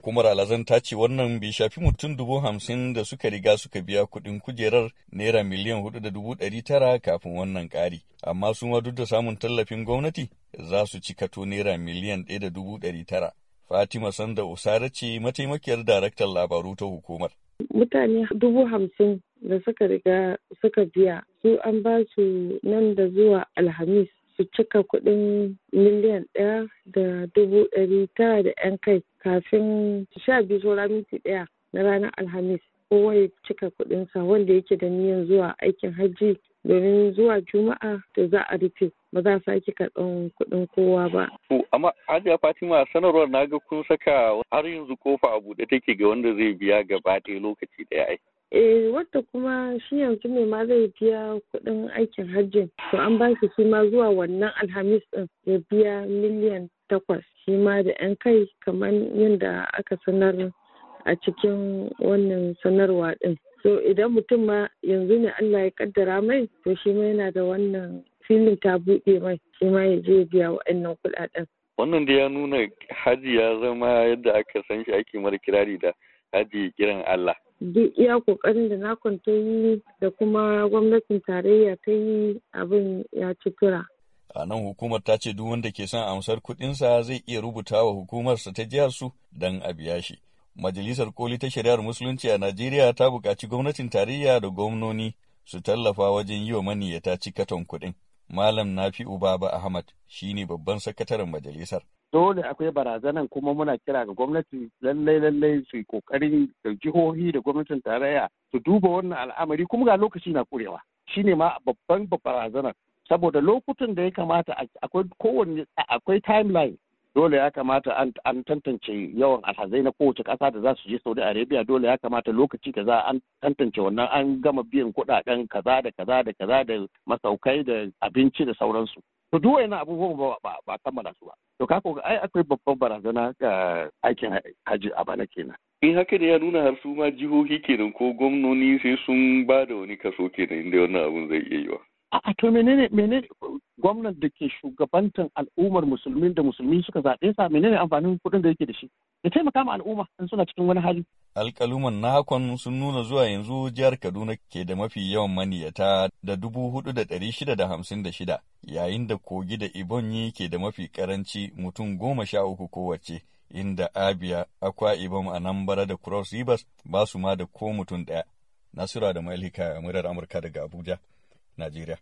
Hukumar alazan ta ce wannan bai shafi mutum dubu hamsin da suka riga suka biya kuɗin kujerar naira miliyan hudu da dubu ɗari tara kafin wannan kari Amma su ma duk da samun tallafin gwamnati za su ci kato naira miliyan ɗaya da dubu ɗari tara. Fatima Sanda Usara ce mataimakiyar daraktan labaru ta hukumar. Mutane dubu hamsin da suka riga suka biya su an ba su nan da zuwa Alhamis su cika kuɗin miliyan ɗaya da dubu ɗari tara da 'yan kai kafin sha biyu saura minti ɗaya na ranar alhamis kowa ya cika kuɗinsa wanda yake da niyan zuwa aikin hajji domin zuwa juma'a da za a rufe ba za sake karɓan kuɗin kowa ba. amma hajiya fatima sanarwar na ga kun saka har yanzu kofa a buɗe take ga wanda zai biya gaba ɗaya lokaci ɗaya ai. eh wadda kuma shi yanzu ne ma zai biya kuɗin aikin hajjin to an ba shi shi ma zuwa wannan alhamis ɗin ya biya miliyan takwas shi ma da 'yan kai kamar yadda aka sanar a cikin wannan sanarwa ɗin. So idan mutum ma yanzu ne Allah ya kaddara mai to shi ma yana da wannan filin ta buɗe mai shi ma ya je biya wa'annan kuɗaɗen. Wannan da ya nuna haji ya zama yadda aka san shi ake mara kirari da haji kiran Allah. Duk iya ƙoƙarin da na kwanta yi da kuma gwamnatin tarayya ta yi abin ya ci tura. A nan hukumar ta ce duk wanda ke son amsar kuɗinsa zai iya rubuta wa hukumarsa ta jihar su don a biya shi. Majalisar Koli ta Shari'ar Musulunci a Najeriya ta buƙaci gwamnatin tarayya da gwamnoni su tallafa wajen yi wa maniyyata katon kuɗin. Malam Nafi Ubaba Ahmad shi ne babban sakataren majalisar. Dole akwai barazanan kuma muna kira ga gwamnati lallai lallai su yi kokarin da jihohi da gwamnatin tarayya su duba wannan al'amari kuma ga lokaci na kurewa. Shi ne ma babban barazanar saboda lokutan da ya kamata akwai kowanne akwai timeline dole ya kamata an tantance yawan alhazai na kowace kasa da za su je saudi arabia dole ya kamata lokaci kaza an tantance wannan an gama biyan kuɗaɗen kaza da kaza da kaza da masaukai da abinci da sauransu to duk wani abubuwan ba kammala su ba to ka ga ai akwai babban barazana ga aikin haji a bana kenan in haka da ya nuna har su ma jihohi kenan ko gwamnoni sai sun ba da wani kaso kenan inda wannan abun zai iya yiwa A'a to menene menene gwamnan da ke shugabantan al'ummar musulmi da musulmi suka zaɓe sa menene amfanin kuɗin da yake da shi? Ya taimaka ma al'umma in suna cikin wani hali. Alƙaluman na hakon sun nuna zuwa yanzu jihar Kaduna ke da mafi yawan maniyata da dubu hudu da ɗari shida da hamsin da shida, yayin da Kogi da Ibonyi ke da mafi karanci mutum goma sha uku kowace. inda Abia, Akwa Ibom, Anambra da Cross Rivers ba su ma da ko mutum ɗaya. Nasura da Malika murar Amurka daga Abuja. Nigeria.